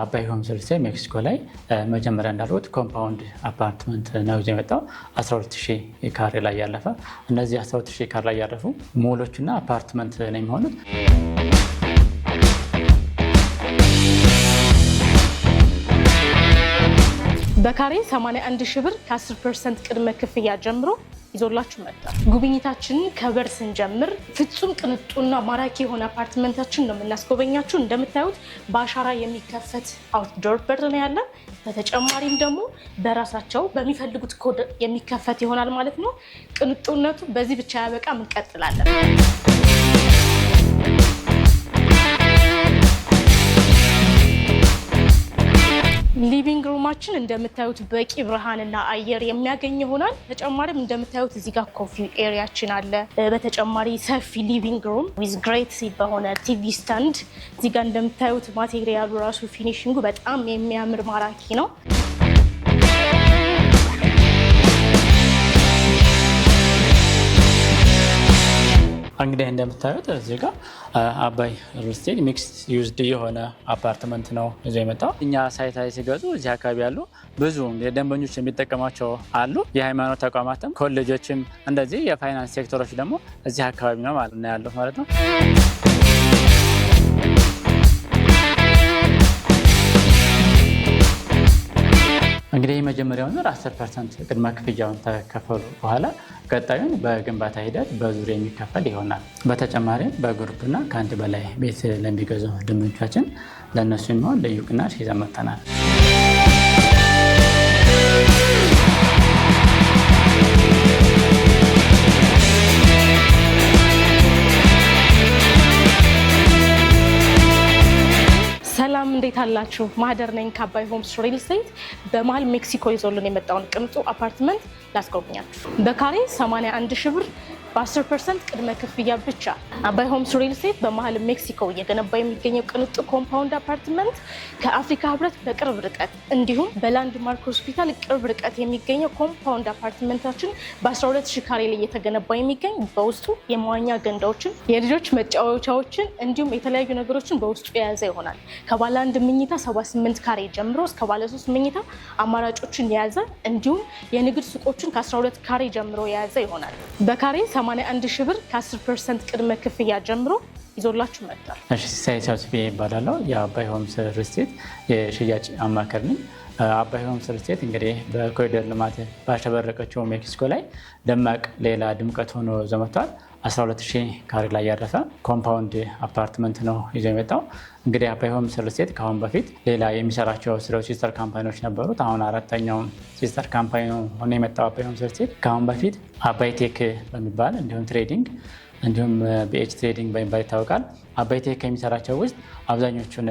አባይ ሆምስ ሪል እስቴት ሜክሲኮ ላይ መጀመሪያ እንዳሉት ኮምፓውንድ አፓርትመንት ነው ይዞ የመጣው 12000 ካሬ ላይ ያለፈ። እነዚህ 12000 ካሬ ላይ ያረፉ ሞሎችና አፓርትመንት ነው የሚሆኑት። በካሬ 81 ሺህ ብር ከ10 ፐርሰንት ቅድመ ክፍያ ጀምሮ ይዞላችሁ መጥቷል። ጉብኝታችንን ከበር ስንጀምር ፍጹም ቅንጡና ማራኪ የሆነ አፓርትመንታችን ነው የምናስጎበኛችሁ። እንደምታዩት በአሻራ የሚከፈት አውትዶር በር ነው ያለን። በተጨማሪም ደግሞ በራሳቸው በሚፈልጉት ኮድ የሚከፈት ይሆናል ማለት ነው። ቅንጡነቱ በዚህ ብቻ ያበቃም። እንቀጥላለን ሊቪንግ ሩማችን እንደምታዩት በቂ ብርሃንና አየር የሚያገኝ ይሆናል። ተጨማሪም እንደምታዩት እዚህ ጋር ኮፊ ኤሪያችን አለ። በተጨማሪ ሰፊ ሊቪንግ ሩም ዊዝ ግሬት በሆነ ቲቪ ስታንድ እዚህ ጋር እንደምታዩት ማቴሪያሉ ራሱ ፊኒሽንጉ በጣም የሚያምር ማራኪ ነው። እንግዲህ እንደምታዩት እዚህ ጋር አባይ ሪልስቴት ሚክስ ዩዝድ የሆነ አፓርትመንት ነው ይዞ የመጣው። እኛ ላይ ሲገዙ እዚህ አካባቢ ያሉ ብዙ ደንበኞች የሚጠቀሟቸው አሉ። የሃይማኖት ተቋማትም፣ ኮሌጆችም እንደዚህ የፋይናንስ ሴክተሮች ደግሞ እዚህ አካባቢ ነው ማለት ነው ያለው ማለት ነው። እንግዲህ የመጀመሪያውን አስር ፐርሰንት ቅድመ ክፍያውን ተከፈሉ በኋላ ቀጣዩን በግንባታ ሂደት በዙር የሚከፈል ይሆናል። በተጨማሪም በግሩፕና ከአንድ በላይ ቤት ለሚገዙ ደንበኞቻችን ለእነሱ የሚሆን ልዩ ቅናሽ ይዘን መጥተናል። ሰላም እንዴት አላችሁ? ማህደር ነኝ ከአባይ ሆምስ ሪል ስቴት በመሀል ሜክሲኮ ይዞልን የመጣውን ቅንጡ አፓርትመንት ላስጎብኛችሁ። በካሬ 81 ሺህ ብር በ10 ፐርሰንት ቅድመ ክፍያ ብቻ አባይ ሆምስ ሪል ስቴት በመሀል ሜክሲኮ እየገነባ የሚገኘው ቅንጡ ኮምፓውንድ አፓርትመንት ከአፍሪካ ህብረት በቅርብ ርቀት እንዲሁም በላንድማርክ ሆስፒታል ቅርብ ርቀት የሚገኘው ኮምፓውንድ አፓርትመንታችን በ12 ሺ ካሬ ላይ እየተገነባ የሚገኝ በውስጡ የመዋኛ ገንዳዎችን፣ የልጆች መጫወቻዎችን እንዲሁም የተለያዩ ነገሮችን በውስጡ የያዘ ይሆናል። ከባለ አንድ ምኝታ 78 ካሬ ጀምሮ እስከ ባለ 3 ምኝታ አማራጮችን የያዘ እንዲሁም የንግድ ሱቆች ቤቶችን ከ12 ካሬ ጀምሮ የያዘ ይሆናል። በካሬ 81 ሺ ብር ከ10 ፐርሰንት ቅድመ ክፍያ ጀምሮ ይዞላችሁ መጥቷል። እሺ ሲሳይ ይባላለሁ። የአባይ ሆምስ ሪል የሽያጭ አማካሪ ነኝ። አባይ ሆምስ ሪል እንግዲህ በኮሪደር ልማት ባሸበረቀችው ሜክሲኮ ላይ ደማቅ ሌላ ድምቀት ሆኖ ዘመቷል። ሺህ ካሬ ላይ ያረፈ ኮምፓውንድ አፓርትመንት ነው ይዞ የመጣው። እንግዲህ አባይ ሆም ሪል እስቴት ከአሁን በፊት ሌላ የሚሰራቸው ስራው ሲስተር ካምፓኒዎች ነበሩት። አሁን አራተኛው ሲስተር ካምፓኒ ሆኖ የመጣው አባይ ሆም ሪል እስቴት ከአሁን በፊት አባይ ቴክ በሚባል እንዲሁም ትሬዲንግ እንዲሁም ቢኤች ትሬዲንግ በሚባል ይታወቃል። አባይ ቴክ ከሚሰራቸው ውስጥ አብዛኞቹን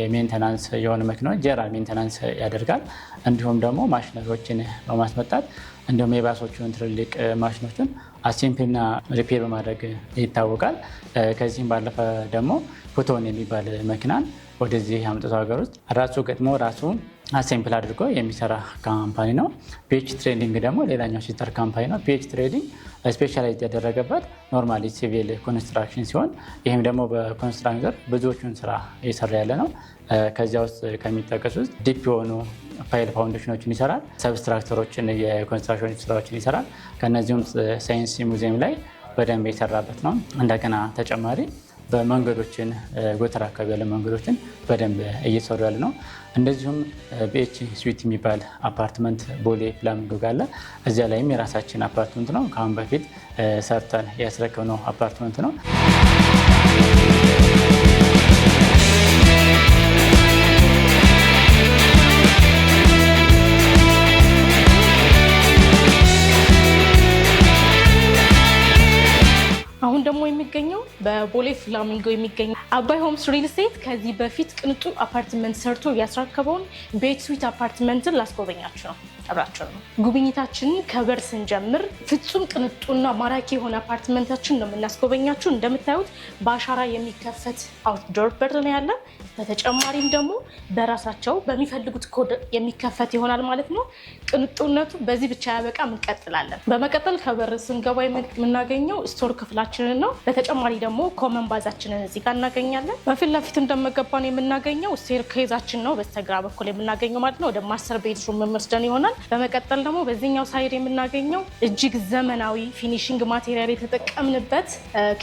የሜንተናንስ የሆኑ መኪናዎች ጀነራል ሜንተናንስ ያደርጋል። እንዲሁም ደግሞ ማሽነሪዎችን በማስመጣት እንዲሁም የባሶቹን ትልልቅ ማሽኖችን አሴምፕልና ሪፔር በማድረግ ይታወቃል። ከዚህም ባለፈ ደግሞ ፉቶን የሚባል መኪናን ወደዚህ አምጥቶ ሀገር ውስጥ ራሱ ገጥሞ ራሱን አሴምፕል አድርጎ የሚሰራ ካምፓኒ ነው። ፒኤች ትሬዲንግ ደግሞ ሌላኛው ሲስተር ካምፓኒ ነው። ፒች ትሬዲንግ ስፔሻላይዝ ያደረገበት ኖርማሊ ሲቪል ኮንስትራክሽን ሲሆን ይህም ደግሞ በኮንስትራክሽን ዘርፍ ብዙዎቹን ስራ እየሰራ ያለ ነው። ከዚያ ውስጥ ከሚጠቀሱ ውስጥ ዲፕ የሆኑ ፋይል ፋውንዴሽኖችን ይሰራል። ሰብስትራክተሮችን የኮንስትራክሽን ስራዎችን ይሰራል። ከእነዚሁም ሳይንስ ሙዚየም ላይ በደንብ የሰራበት ነው። እንደገና ተጨማሪ በመንገዶችን ጎተር አካባቢ ያለ መንገዶችን በደንብ እየሰሩ ያለ ነው። እንደዚሁም ቢኤች ስዊት የሚባል አፓርትመንት ቦሌ ፍላሚንጎ ጋር አለ። እዚያ ላይም የራሳችን አፓርትመንት ነው። ከአሁን በፊት ሰርተን ያስረከብነው አፓርትመንት ነው። በቦሌ ፍላሚንጎ የሚገኝ አባይ ሆምስ ሪል ስቴት ከዚህ በፊት ቅንጡ አፓርትመንት ሰርቶ ያስረከበውን ቤት ስዊት አፓርትመንትን ላስጎበኛችሁ ነው። አብራችሁ ነው። ጉብኝታችንን ከበር ስንጀምር ፍጹም ቅንጡና ማራኪ የሆነ አፓርትመንታችን ነው የምናስጎበኛችሁ። እንደምታዩት በአሻራ የሚከፈት አውትዶር በር ነው ያለ። በተጨማሪም ደግሞ በራሳቸው በሚፈልጉት ኮድ የሚከፈት ይሆናል ማለት ነው። ቅንጡነቱ በዚህ ብቻ ያበቃ እንቀጥላለን። በመቀጠል ከበር ስንገባ የምናገኘው ስቶር ክፍላችንን ነው። በተጨማሪ ደግሞ ኮመን ባዛችንን እዚህ ጋር እናገኛለን። በፊት ለፊት እንደመገባን የምናገኘው ስቴር ኬዛችን ነው። በስተግራ በኩል የምናገኘው ማለት ነው። ወደ ማስተር ቤድሩም የምንወስደን ይሆናል። በመቀጠል ደግሞ በዚህኛው ሳይድ የምናገኘው እጅግ ዘመናዊ ፊኒሽንግ ማቴሪያል የተጠቀምንበት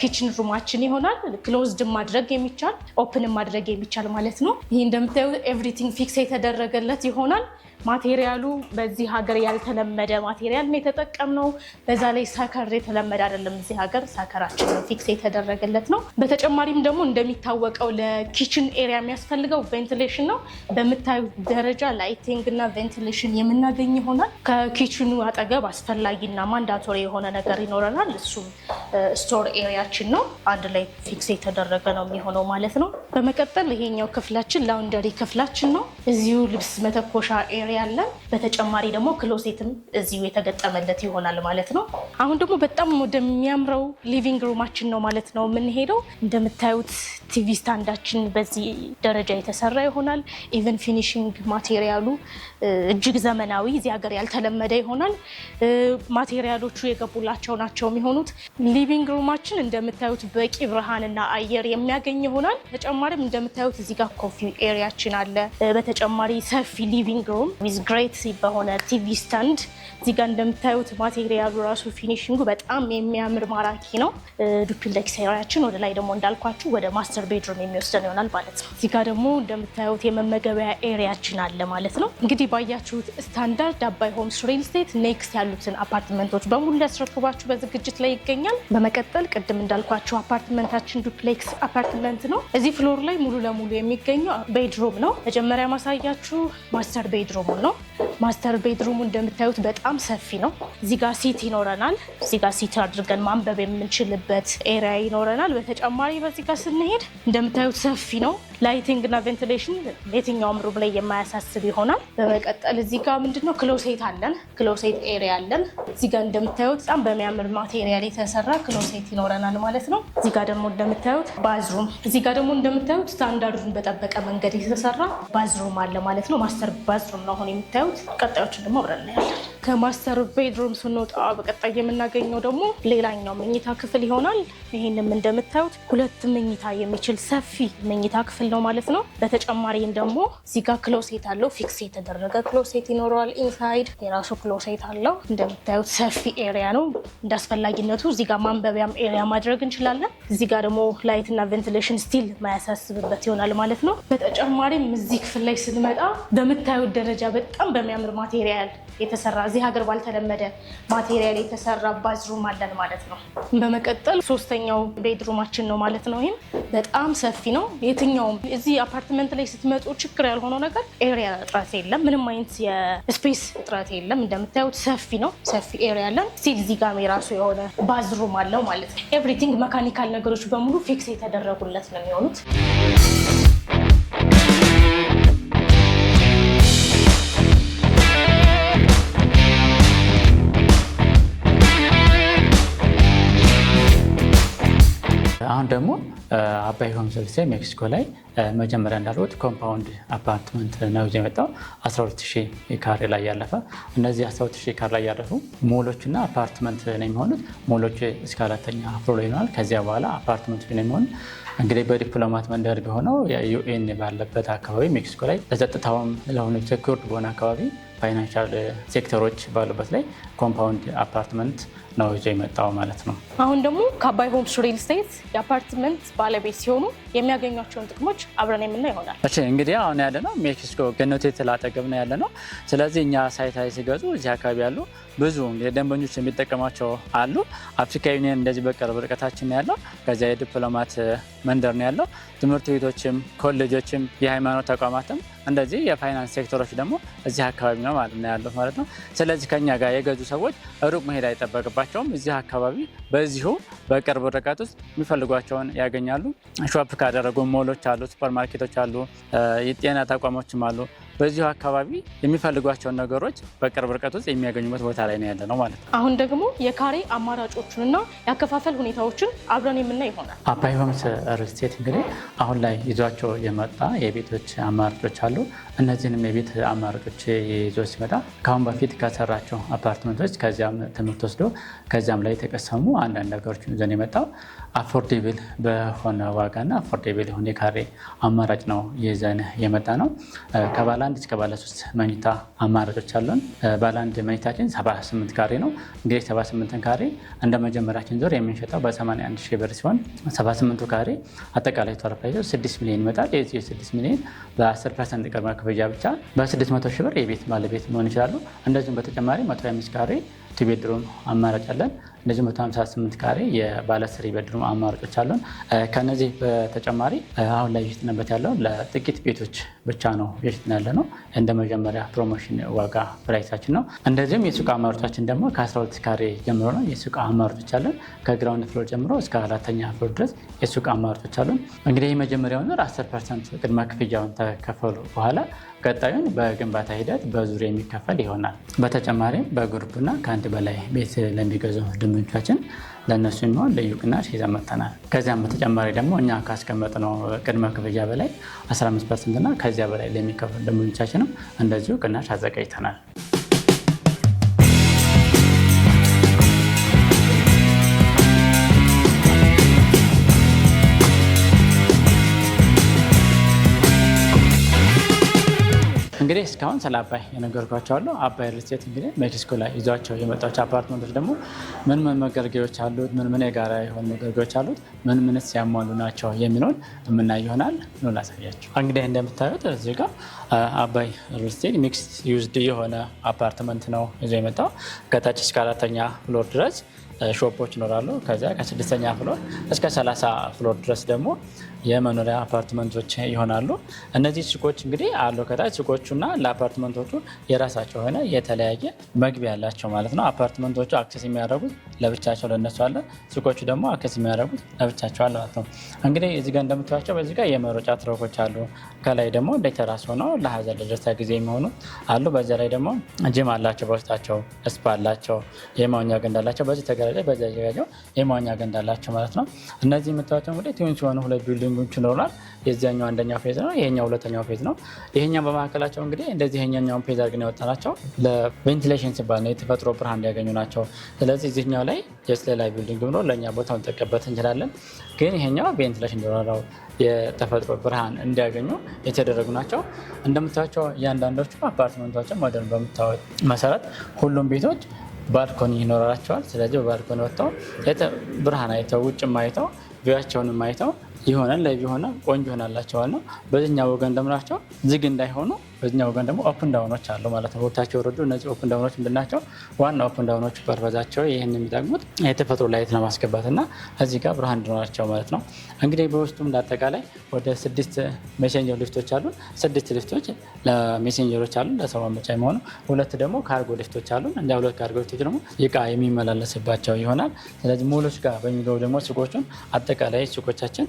ኪችን ሩማችን ይሆናል። ክሎዝድ ማድረግ የሚቻል ኦፕን ማድረግ የሚቻል ማለት ነው። ይህ እንደምታዩ ኤቭሪቲንግ ፊክስ የተደረገለት ይሆናል። ማቴሪያሉ በዚህ ሀገር ያልተለመደ ማቴሪያል ነው የተጠቀምነው። በዛ ላይ ሳከር የተለመደ አይደለም። እዚህ ሀገር ሰከራችን ፊክስ የተደረገለት ነው። በተጨማሪም ደግሞ እንደሚታወቀው ለኪችን ኤሪያ የሚያስፈልገው ቬንቲሌሽን ነው። በምታዩት ደረጃ ላይቲንግ እና ቬንቲሌሽን የምናገኝ ይሆናል። ከኪችኑ አጠገብ አስፈላጊና ማንዳቶሪ የሆነ ነገር ይኖረናል። እሱም ስቶር ኤሪያችን ነው። አንድ ላይ ፊክስ የተደረገ ነው የሚሆነው ማለት ነው። በመቀጠል ይሄኛው ክፍላችን ላውንደሪ ክፍላችን ነው። እዚሁ ልብስ መተኮሻ ማብሰሪያ አለ። በተጨማሪ ደግሞ ክሎሴትም እዚሁ የተገጠመለት ይሆናል ማለት ነው። አሁን ደግሞ በጣም ወደሚያምረው ሊቪንግ ሩማችን ነው ማለት ነው የምንሄደው። እንደምታዩት ቲቪ ስታንዳችን በዚህ ደረጃ የተሰራ ይሆናል። ኢቨን ፊኒሽንግ ማቴሪያሉ እጅግ ዘመናዊ እዚህ ሀገር ያልተለመደ ይሆናል። ማቴሪያሎቹ የገቡላቸው ናቸው የሚሆኑት። ሊቪንግ ሩማችን እንደምታዩት በቂ ብርሃንና አየር የሚያገኝ ይሆናል። ተጨማሪም እንደምታዩት እዚህ ጋር ኮፊ ኤሪያችን አለ። በተጨማሪ ሰፊ ሊቪንግ ሩም ዊዝ ግሬት በሆነ ቲቪ ስታንድ እዚህ ጋር እንደምታዩት ማቴሪያሉ ራሱ ፊኒሽንጉ በጣም የሚያምር ማራኪ ነው። ዱፕሌክስ ሴራያችን ወደ ላይ ደግሞ እንዳልኳችሁ ወደ ማስተር ቤድሩም የሚወስደን ይሆናል ማለት ነው። እዚህ ጋር ደግሞ እንደምታዩት የመመገቢያ ኤሪያችን አለ ማለት ነው። እንግዲህ ባያችሁት ስታንዳርድ አባይ ሆምስ ሪል ስቴት ኔክስት ያሉትን አፓርትመንቶች በሙሉ ሊያስረክባችሁ በዝግጅት ላይ ይገኛል። በመቀጠል ቅድም እንዳልኳችሁ አፓርትመንታችን ዱፕሌክስ አፓርትመንት ነው። እዚህ ፍሎር ላይ ሙሉ ለሙሉ የሚገኘው ቤድሩም ነው። መጀመሪያ ማሳያችሁ ማስተር ቤድሩም ሩሙ ነው። ማስተር ቤድሩሙ እንደምታዩት በጣም ሰፊ ነው። እዚህ ጋር ሲት ይኖረናል። እዚህ ጋር ሲት አድርገን ማንበብ የምንችልበት ኤሪያ ይኖረናል። በተጨማሪ በዚህ ጋር ስንሄድ እንደምታዩት ሰፊ ነው። ላይቲንግ እና ቬንቲሌሽን የትኛውም ሩም ላይ የማያሳስብ ይሆናል። በመቀጠል እዚህ ጋር ምንድነው ክሎሴት አለን፣ ክሎሴት ኤሪያ አለን። እዚህ ጋር እንደምታዩት በጣም በሚያምር ማቴሪያል የተሰራ ክሎሴት ይኖረናል ማለት ነው። እዚህ ጋር ደግሞ እንደምታዩት ባዝሩም፣ እዚህ ጋር ደግሞ እንደምታዩት ስታንዳርዱን በጠበቀ መንገድ የተሰራ ባዝሩም አለ ማለት ነው። ማስተር ባዝሩም ነው አሁን የምታዩት። ቀጣዮችን ደግሞ አብረን እናያለን። ከማስተር ቤድሮም ስንወጣ በቀጣይ የምናገኘው ደግሞ ሌላኛው መኝታ ክፍል ይሆናል። ይህንም እንደምታዩት ሁለት መኝታ የሚችል ሰፊ መኝታ ክፍል ነው ማለት ነው። በተጨማሪም ደግሞ እዚህ ጋር ክሎሴት አለው። ፊክስ የተደረገ ክሎሴት ይኖረዋል። ኢንሳይድ የራሱ ክሎሴት አለው። እንደምታዩት ሰፊ ኤሪያ ነው። እንደ አስፈላጊነቱ እዚህ ጋር ማንበቢያም ኤሪያ ማድረግ እንችላለን። እዚህ ጋር ደግሞ ላይትና ቬንቲሌሽን ስቲል ማያሳስብበት ይሆናል ማለት ነው። በተጨማሪም እዚህ ክፍል ላይ ስንመጣ በምታዩት ደረጃ በጣም በሚያምር ማቴሪያል የተሰራ እዚህ ሀገር ባልተለመደ ማቴሪያል የተሰራ ባዝሩም አለን ማለት ነው። በመቀጠል ሶስተኛው ቤድሩማችን ነው ማለት ነው። ይህም በጣም ሰፊ ነው። የትኛውም እዚህ አፓርትመንት ላይ ስትመጡ ችግር ያልሆነው ነገር ኤሪያ እጥረት የለም። ምንም አይነት የስፔስ እጥረት የለም። እንደምታዩት ሰፊ ነው። ሰፊ ኤሪያ አለን። ስቲል እዚህ ጋር የራሱ የሆነ ባዝሩም አለው ማለት ነው። ኤቭሪቲንግ መካኒካል ነገሮች በሙሉ ፊክስ የተደረጉለት ነው የሚሆኑት። አሁን ደግሞ አባይ ሆም ሰርቪስ ሜክሲኮ ላይ መጀመሪያ እንዳልኩት ኮምፓውንድ አፓርትመንት ነው ይዞ የመጣው 120 ካሬ ላይ ያለፈ። እነዚህ 120 ካሬ ላይ ያለፉ ሞሎችና አፓርትመንት ነው የሚሆኑት። ሞሎች እስከ አራተኛ ፍሎ ላይ ይሆናል። ከዚያ በኋላ አፓርትመንት ነው የሚሆኑ እንግዲህ በዲፕሎማት መንደር ቢሆነው ዩኤን ባለበት አካባቢ ሜክሲኮ ላይ ለጸጥታውም ለሆኑ ሴኩርድ በሆነ አካባቢ ፋይናንሻል ሴክተሮች ባሉበት ላይ ኮምፓውንድ አፓርትመንት ነው ይዞ የመጣው ማለት ነው። አሁን ደግሞ ከአባይ ሆምስ ሪል ስቴት የአፓርትመንት ባለቤት ሲሆኑ የሚያገኟቸውን ጥቅሞች አብረን የምና ይሆናል። እንግዲህ አሁን ያለ ነው ሜክሲኮ ገነቴ ትል አጠገብ ነው ያለ ነው። ስለዚህ እኛ ሳይታይ ሲገዙ እዚህ አካባቢ ያሉ ብዙ ደንበኞች የሚጠቀማቸው አሉ። አፍሪካ ዩኒየን እንደዚህ በቅርብ ርቀታችን ያለው ከዚያ የዲፕሎማት መንደር ነው ያለው። ትምህርት ቤቶችም ኮሌጆችም የሃይማኖት ተቋማትም እንደዚህ የፋይናንስ ሴክተሮች ደግሞ እዚህ አካባቢ ነው ማለት ነው ያሉት ማለት ነው። ስለዚህ ከኛ ጋር የገዙ ሰዎች ሩቅ መሄድ አይጠበቅባቸውም። እዚህ አካባቢ በዚሁ በቅርብ ርቀት ውስጥ የሚፈልጓቸውን ያገኛሉ። ሾፕ ካደረጉ ሞሎች አሉ፣ ሱፐርማርኬቶች ማርኬቶች አሉ፣ የጤና ተቋሞችም አሉ። በዚሁ አካባቢ የሚፈልጓቸውን ነገሮች በቅርብ ርቀት ውስጥ የሚያገኙበት ቦታ ላይ ነው ያለ ነው ማለት ነው። አሁን ደግሞ የካሬ አማራጮችንና የአከፋፈል ሁኔታዎችን አብረን የምናይ ይሆናል። አባይ ሆምስ ሪል እንግዲህ አሁን ላይ ይዟቸው የመጣ የቤቶች አማራጮች አሉ። እነዚህንም የቤት አማራጮች ይዞ ሲመጣ ከአሁን በፊት ከሰራቸው አፓርትመንቶች ከዚያም ትምህርት ወስዶ ከዚያም ላይ የተቀሰሙ አንዳንድ ነገሮችን ይዘን የመጣው አፎርዴብል በሆነ ዋጋና አፎርዴብል የሆነ የካሬ አማራጭ ነው ይዘን የመጣ ነው። ከባለ አንድ እስከ ባለ ሶስት መኝታ አማራጮች አሉን። ባለ አንድ መኝታችን 78 ካሬ ነው። እንግዲህ 78 ካሬ እንደ መጀመሪያችን ዞር የምንሸጠው በ81 ሺህ ብር ሲሆን 78ቱ ካሬ አጠቃላይ ተወረፋይዘው 6 ሚሊዮን ይመጣል። የዚህ 6 ሚሊዮን በ10 ፐርሰንት ቅድመ ክፍያ ብቻ በ600 ሺህ ብር የቤት ባለቤት መሆን ይችላሉ። እንደዚሁም በተጨማሪ 15 ካሬ ቲቤድሮም አማራጭ አለን። እንደዚህ 158 ካሬ የባለስሪ ስሪ ቤድሩም አማራጮች አሉን። ከነዚህ በተጨማሪ አሁን ላይ እየሸጥንበት ያለው ለጥቂት ቤቶች ብቻ ነው እየሸጥን ያለ ነው። እንደ መጀመሪያ ፕሮሞሽን ዋጋ ፕራይሳችን ነው። እንደዚሁም የሱቅ አማራጮቻችን ደግሞ ከ12 ካሬ ጀምሮ ነው የሱቅ አማራጮች አለን። ከግራውንድ ፍሎር ጀምሮ እስከ አራተኛ ፍሎር ድረስ የሱቅ አማራጮች አሉን። እንግዲህ የመጀመሪያውን ወር 10 ፐርሰንት ቅድመ ክፍያውን ተከፈሉ በኋላ ቀጣዩን በግንባታ ሂደት በዙሪያ የሚከፈል ይሆናል። በተጨማሪም በግሩፕና ከአንድ በላይ ቤት ለሚገዙ ደንበኞቻችን ለእነሱ የሚሆን ልዩ ቅናሽ ይዘን ከዚያም በተጨማሪ ደግሞ እኛ ነው ቅድመ ክፍያ በላይ 15 ፐርሰንትና ከዚያ በላይ ለሚከፍሉ ደንበኞቻችንም እንደዚሁ ቅናሽ አዘጋጅተናል። እስካሁን ስለ አባይ የነገርኳቸዋለሁ። አባይ ሪልስቴት እንግዲህ ሜክሲኮ ላይ ይዟቸው የመጣቸው አፓርትመንቶች ደግሞ ምን ምን መገልገያዎች አሉት፣ ምን ምን የጋራ የሆኑ መገልገያዎች አሉት፣ ምን ምንስ ያሟሉ ናቸው የሚለውን የምናይ ይሆናል ነው ላሳያቸው። እንግዲህ እንደምታዩት እዚህ ጋር አባይ ሪልስቴት ሚክስ ዩዝድ የሆነ አፓርትመንት ነው ይዞ የመጣው ከታች እስከ አራተኛ ፍሎር ድረስ ሾፖች ይኖራሉ። ከዚያ ከስድስተኛ ፍሎር እስከ ሰላሳ ፍሎር ድረስ ደግሞ የመኖሪያ አፓርትመንቶች ይሆናሉ። እነዚህ ሱቆች እንግዲህ አሉ ከታች ሱቆቹና ለአፓርትመንቶቹ የራሳቸው የሆነ የተለያየ መግቢያ ያላቸው ማለት ነው። አፓርትመንቶቹ አክሰስ የሚያደርጉት ለብቻቸው ለነሱ አለ፣ ሱቆቹ ደግሞ አክሰስ የሚያደርጉት ለብቻቸው አለ ማለት ነው። እንግዲህ እዚህ ጋር እንደምታያቸው በዚህ ጋር የመሮጫ ትረኮች አሉ። ከላይ ደግሞ እንደ ተራስ ሆነው ለሀዘን ለደስታ ጊዜ የሚሆኑ አሉ። በዚያ ላይ ደግሞ ጅም አላቸው፣ በውስጣቸው እስፓ አላቸው፣ የመዋኛ ገንዳ አላቸው። በዚህ ተገዳዳይ በዚያ የመዋኛ ገንዳ አላቸው ማለት ነው። እነዚህ የምታዩቸው እንግዲህ ትንሽ የሆኑ ሁለት ቢልዲንጎች ይኖሩናል። የዚያኛው አንደኛ ፌዝ ነው፣ ይሄኛው ሁለተኛው ፌዝ ነው። ይሄኛው በመካከላቸው እንግዲህ እንደዚህ ይሄኛውን ፌዝ አድርገን ያወጣናቸው ለቬንቲሌሽን ሲባል ነው፣ የተፈጥሮ ብርሃን እንዲያገኙ ናቸው። ስለዚህ እዚህኛው ላይ የስለላይ ቢልዲንግ ብሎ ለእኛ ቦታ እንጠቀበት እንችላለን። ግን ይሄኛው ቬንቲሌሽን እንዲኖረው የተፈጥሮ ብርሃን እንዲያገኙ የተደረጉ ናቸው። እንደምታቸው እያንዳንዶቹ አፓርትመንቶችን ሞደርን በምታወቅ መሰረት ሁሉም ቤቶች ባልኮኒ ይኖራቸዋል። ስለዚህ በባልኮኒ ወጥተው ብርሃን አይተው ውጭም አይተው ቪያቸውንም አይተው ይሆናል ላይቭ ይሆናል ቆንጆ ይሆናላቸዋል ነው። በዚህኛው ወገን ደምራቸው ዝግ እንዳይሆኑ በዚኛው ወገን ደግሞ ኦፕን ዳውኖች አሉ ማለት ነው። ወቅታቸው የወረዱ እነዚህ ኦፕን ዳውኖች ምንድን ዋና ኦፕን ዳውኖች በርበዛቸው ይህን የሚጠቅሙት የተፈጥሮ ላይት ለማስገባት እና እዚህ ጋር ብርሃን እንዲኖራቸው ማለት ነው። እንግዲህ በውስጡም እንዳጠቃላይ ወደ ስድስት ሜሴንጀር ሊፍቶች አሉ። ስድስት ሊፍቶች ለሜሴንጀሮች አሉ፣ ለሰው ማመጫ የሚሆኑ ሁለት ደግሞ ካርጎ ሊፍቶች አሉ። እንዲ ሁለት ካርጎ ሊፍቶች ደግሞ ይቃ የሚመላለስባቸው ይሆናል። ስለዚህ ሞሎች ጋር በሚገቡ ደግሞ ሱቆቹን አጠቃላይ ሱቆቻችን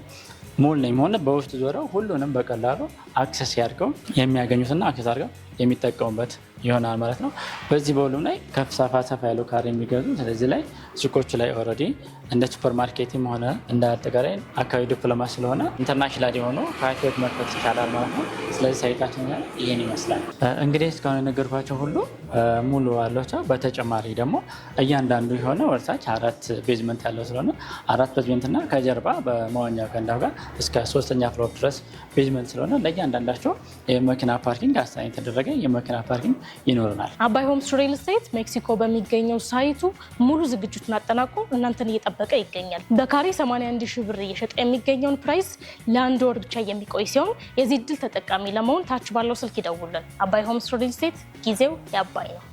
ሞል ሞልም ሆነ በውስጥ ዞረው ሁሉንም በቀላሉ አክሰስ ያድርገው የሚያገኙትና አክሰስ አድርገው የሚጠቀሙበት ይሆናል ማለት ነው። በዚህ በሁሉም ላይ ከሰፋ ሰፋ ያለው ካሬ የሚገዙ ስለዚህ ላይ ሱቆች ላይ ኦልሬዲ እንደ ሱፐር ማርኬትም ሆነ እንደ አጠቃላይ አካባቢ ዲፕሎማ ስለሆነ ኢንተርናሽናል የሆኑ ካፌዎች መክፈት ይቻላል ማለት ነው። ስለዚህ ሳይታችን ይህን ይመስላል። እንግዲህ እስካሁን የነገርኳቸው ሁሉ ሙሉ አሏቸው። በተጨማሪ ደግሞ እያንዳንዱ የሆነ ወርሳች አራት ቤዝመንት ያለው ስለሆነ አራት ቤዝመንት እና ከጀርባ በመዋኛ ገንዳው ጋር እስከ ሶስተኛ ፍሎር ድረስ ቤዝመንት ስለሆነ ለእያንዳንዳቸው የመኪና ፓርኪንግ አስተያየት የተደረገ የመኪና ፓርኪንግ ይኖረናል። አባይ ሆምስ ሪል ስቴት ሜክሲኮ በሚገኘው ሳይቱ ሙሉ ዝግጅቱን አጠናቆ እናንተን እየጠበቀ ይገኛል። በካሬ 81 ሺህ ብር እየሸጠ የሚገኘውን ፕራይስ ለአንድ ወር ብቻ የሚቆይ ሲሆን የዚህ እድል ተጠቃሚ ለመሆን ታች ባለው ስልክ ይደውልን። አባይ ሆምስ ሪል ስቴት ጊዜው የአባይ ነው።